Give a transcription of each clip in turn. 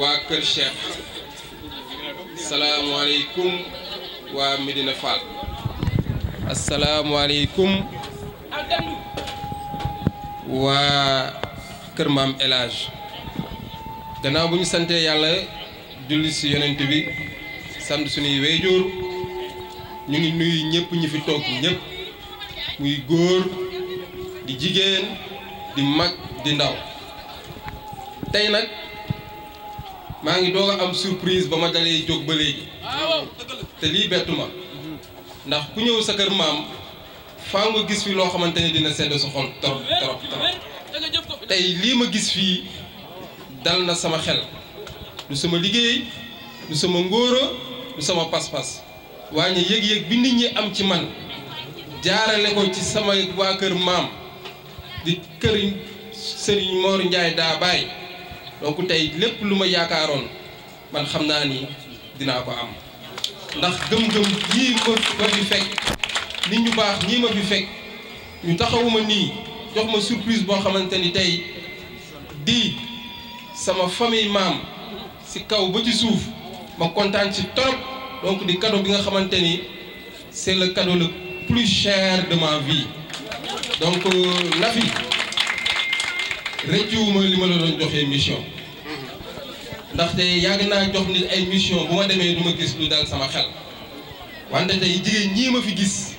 waa Kër Cheikh salaamualeykum waa Medina Fall asalaamualeykum waa Kër Maam El Hadj bu ñu santee yàlla julli si yonent bi sant suñuy wéyjoor ñu ngi nuyu ñëpp ñu fi toog ñëpp muy góor di jigéen di mag di ndaw tey nag. maa ngi doo a am surprise ba ma dalee jóg ba léegi te lii bettu ma ndax ku ñëw sa kër maam faa gis fi loo xamante ni dina sedd sa xol trop trop trop tey lii ma gis fii dal na sama xel du sama liggéey du sama ngóora du sama pas-pas waaye yëg-yëg bi nit ñi am ci man jaarale ko ci sama waa kër maam di kër Serigne Mor njaay daa bàyyi donc tey lépp lu ma yaakaaroon man xam naa ni dinaa ko am ndax gëm-gëm yii ma fi fekk nit ñu baax ñii ma fi fekk ñu taxawuma nii jox ma surprise boo xamante ni tey di sama famille maam si kaw ba ci suuf ma kontaan ci torop donc di kado bi nga xamante ni c'est le cadeau plus cher de ma vie donc euh, Nafi rëccuwuma li ma la doon joxee mission ndaxte yàgg naa jox nit ay mission bu ma demee du ma gis lu dal sama xel wante tey jigéen ñii ma fi gis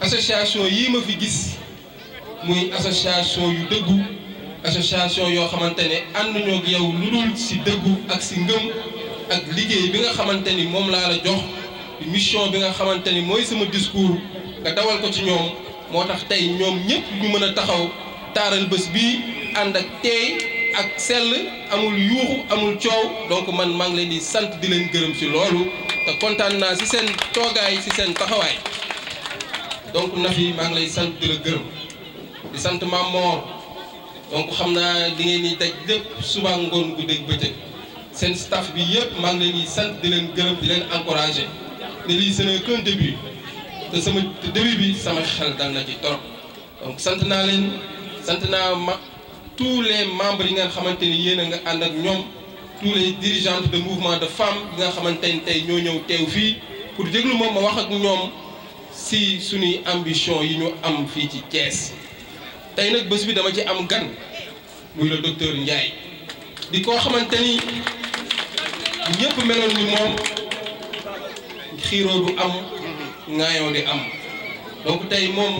association yii ma fi gis muy association yu dëggu association yoo xamante ne ànduñoo ak yow lu dul ci dëggu ak ci ngëm ak liggéey bi nga xamante ni moom laa la jox mission bi nga xamante ni mooy sama discours nga dawal ko ci ñoom moo tax tey ñoom ñépp ñu mën a taxaw taaral bés bii ànd ak teey ak sell amul yuuxu amul coow donc man maa ngi leen di sant di leen gërëm ci loolu te kontaan naa ci seen toogaay ci seen taxawaay donc Nafi maa ngi lay sant di la gërëm di sant Maam Moor donc xam naa di ngeen di daj lépp suba ngoon guddeeg bëccëg seen staff bi yëpp maa ngi leen di sant di leen gërëm di leen encourager ne lii ce n'est qu'un te sama début bi sama xel dal na ci torop donc sant naa leen sant naa ma. tous les membres yi nga xamante ni yéen a nga ànd ak ñoom tous les dirigeantes de mouvement de femmes yi nga xamante ni tey ñoo ñëw teew fii pour déglu moom ma wax ak ñoom si suñuy ambition yi ñu am fii ci Thiès tey nag bés bi dama ci am gan muy le docteur Ndiaye di koo xamante ni ñëpp meloon ni moom xiiroo du am ŋaayoo di am donc tey moom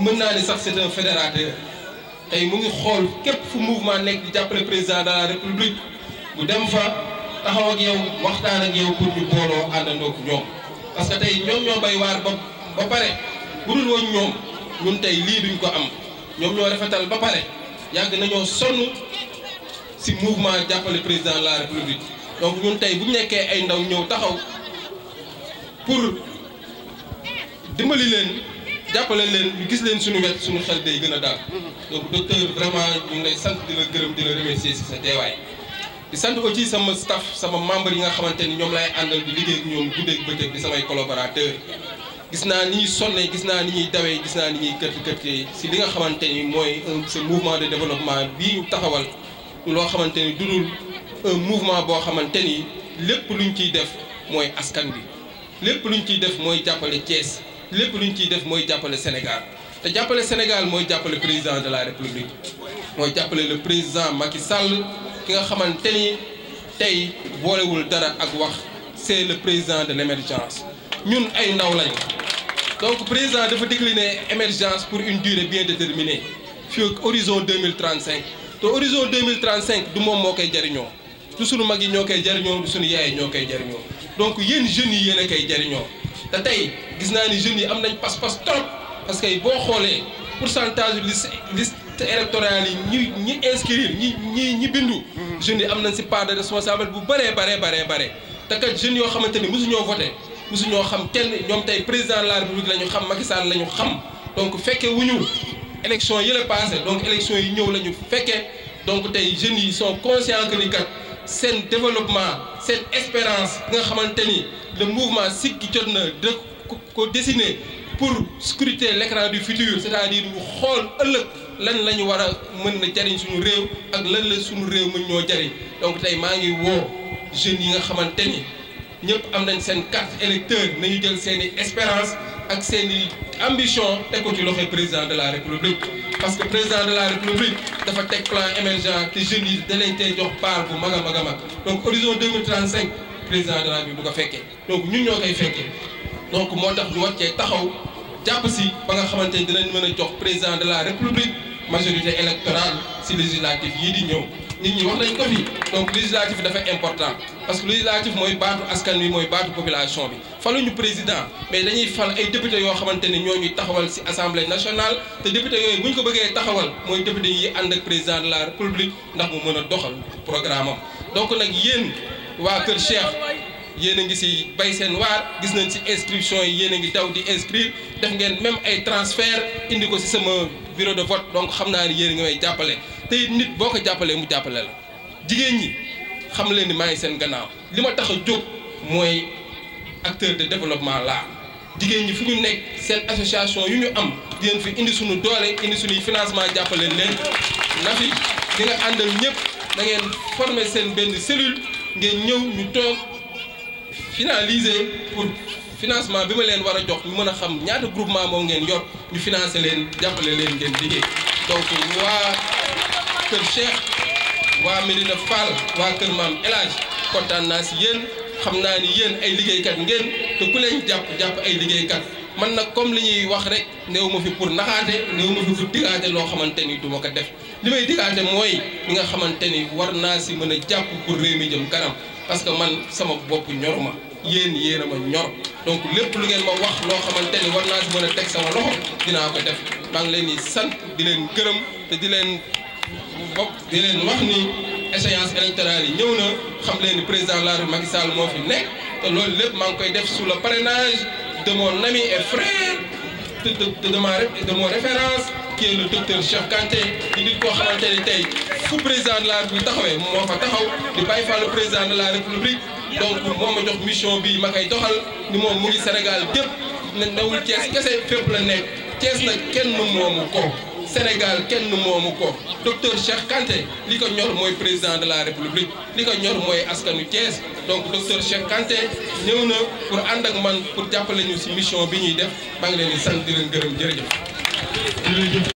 mën naa ni sax c'est fédérateur tey mu ngi xool képp fu mouvement nekk di jàppale président de la république bu dem fa taxaw ak waxtaan ak yow pour booloo àndandoo ñoom parce que tey ñoom ñoo bay waar ba ba pare bu dul woon ñoom ñun tey lii duñ ko am ñoom ñoo rafetal ba pare yàgg nañoo sonn si mouvement jàppale président de la république donc ñun tey bu ñu nekkee ay ndaw ñëw taxaw pour dimbali leen. jàppale leen gis leen suñu wet suñu xel day gën a daal donc docteur vraiment ñu ngi lay sant dina gërëm dina la remercier si sa teewaay di sant aussi sama staff sama membre yi nga xamante ni ñoom lay àndal di liggéey ak ñoom guddeeg bëccëg di samay collaborateur gis naa ni ñuy sonne gis naa ni ñuy dawee gis naa ni ñuy kërti kërti si li nga xamante ni mooy ce mouvement de développement bi taxawal taxawal loo xamante ni du un mouvement boo xamante ni lépp luñ ciy def mooy askan bi lépp luñ ciy def mooy jàppale Thiès lépp lu ñu ciy def mooy jàppale Sénégal te jàppale Sénégal mooy jàppale président de la république mooy jàppale le président mag yi Sall ki nga xamante ni tey boolewul dara ak wax c'est le président de l'émergence ñun ay ndaw lañ donc président dafa décliner émergence pour une durée bien déterminée fii ak horizon 2035 te horizon 2035 du moom moo koy jariñoo du sunu mag yi ñoo koy jariñoo du sunu yaay ñoo koy jariñoo donc yéen jeunes yi yéen a koy jariñoo te tey gis naa ni jeunes yi am nañ pas-pas trop parce que boo xoolee pourcentage liste liste électorale yi ñi ñi inscrire ñi ñi ñi bindu. Mhm. jeunes yi am nañ si part de responsable bu bëree baree baree bare te kat jeunes yoo xamante ni mosuñoo voté ñoo xam kenn ñoom tey président la république la ñu xam Macky lañu xam donc fekkee wu ñu élection yi la donc élection yi ñëw la ñu fekkee donc tey jeunes yi sont conscients que ni kat seen développement seen espérance nga xamante ni. le mouvement Siggi jot na de ko dessiner pour scruter l'écran du futur c'est-à-dire xool ëllëg lan la ñu war mën na jariñ suñu réew ak lan la suñu réew mën ñoo jariñ donc tey maa ngi woo jeunes yi nga xamante ni ñëpp am nañ seen carte électeur nañu jël seen i espérance ak seen i ambition teg ko ci loxo président de la république parce que président de la république dafa teg plan émergent te jeunes yi da leen tey jox part bu mag a mag a mag donc horizon 2035 président de la République du ko fekkee donc ñun ñoo koy fekkee donc moo tax ñu war cee taxaw jàpp si ba nga xamante ni dinañ mën a jox président de la république majorité électorale si législatif yii di ñëw nit ñi wax nañ ko fi donc législatif dafa important parce que législatif mooy baatu askan wi mooy baatu population bi faluñu président mais dañuy fal ay député yoo xamante ne ñoo ñuy taxawal si assemblée nationale te député yooyu bu ñu ko bëggee taxawal mooy député yi ànd ak président la république ndax mu mën a doxal programme waa Kër Cheikh yéen a ngi si bay seen waar gis nañ si inscription yi yéen a ngi daw di inscrire def ngeen même ay transfert indi ko si sama bureau de vote donc xam naa ne yéen a ngi may jàppale te nit boo ko jàppalee mu jàppale la jigéen ñi xam leen ni maa ngi seen gannaaw li ma tax a jóg mooy acteur de développement laa jigéen ñi fu ñu nekk seen association yu ñu am dinañ fi indi suñu doole indi suñuy financement jàppale leen na fi di àndal ñëpp da ngeen former seen benn cellule ngeen ñëw ñu toog finaliser pour financement bi ma leen war a jox ñu mën a xam ñaata groupement moom ngeen yor ñu financer leen jàppale leen ngeen liggéey donc waa Kër Cheikh waa Medina Fall waa Kër Maam El Hadj kontaan naa si yéen xam naa ni yéen ay liggéeykat ngeen te ku leen jàpp jàpp ay liggéeykat. man nag comme li ñuy wax rek néew ma fi pour naxaate néew ma fi pour digaate loo xamante ni du ma ko def li may digaate mooy li nga xamante ni war naa si mën a jàpp pour réew mi jëm kanam parce que man sama bopp ñor ma yéen yéen a ma ñor donc lépp lu ngeen ma wax loo xamante ni war naa si mën a teg sama loxo dinaa ko def maa ngi leen di di leen gërëm te di leen bopp di leen wax ni échéance électorale yi ñëw na xam leen ni président la Macky Sall moo fi nekk te loolu lépp maa ngi koy def sous le parrainage de mon ami et frère de de de ma de mon référence qui est le docteur Cheikh Kanté di tey fu président de la République taxawee moo fa taxaw di bàyyi fa le président de la République donc moo ma jox mission bi ma koy doxal ni moom mu ngi Sénégal gépp ne newul Thiès kese fépp la nekk Thiès nag kenn moomu ko. Sénégal kenn moomu ko docteur Cheikh Kanté li ko ñor mooy président de la république li ko ñor mooy askanu Thiès donc docteur Cheikh Kanté ñëw na pour ànd ak man pour jàppale ñu ci mission bi ñuy def maa ngi leen di sant di leen gërëm jërëjëf.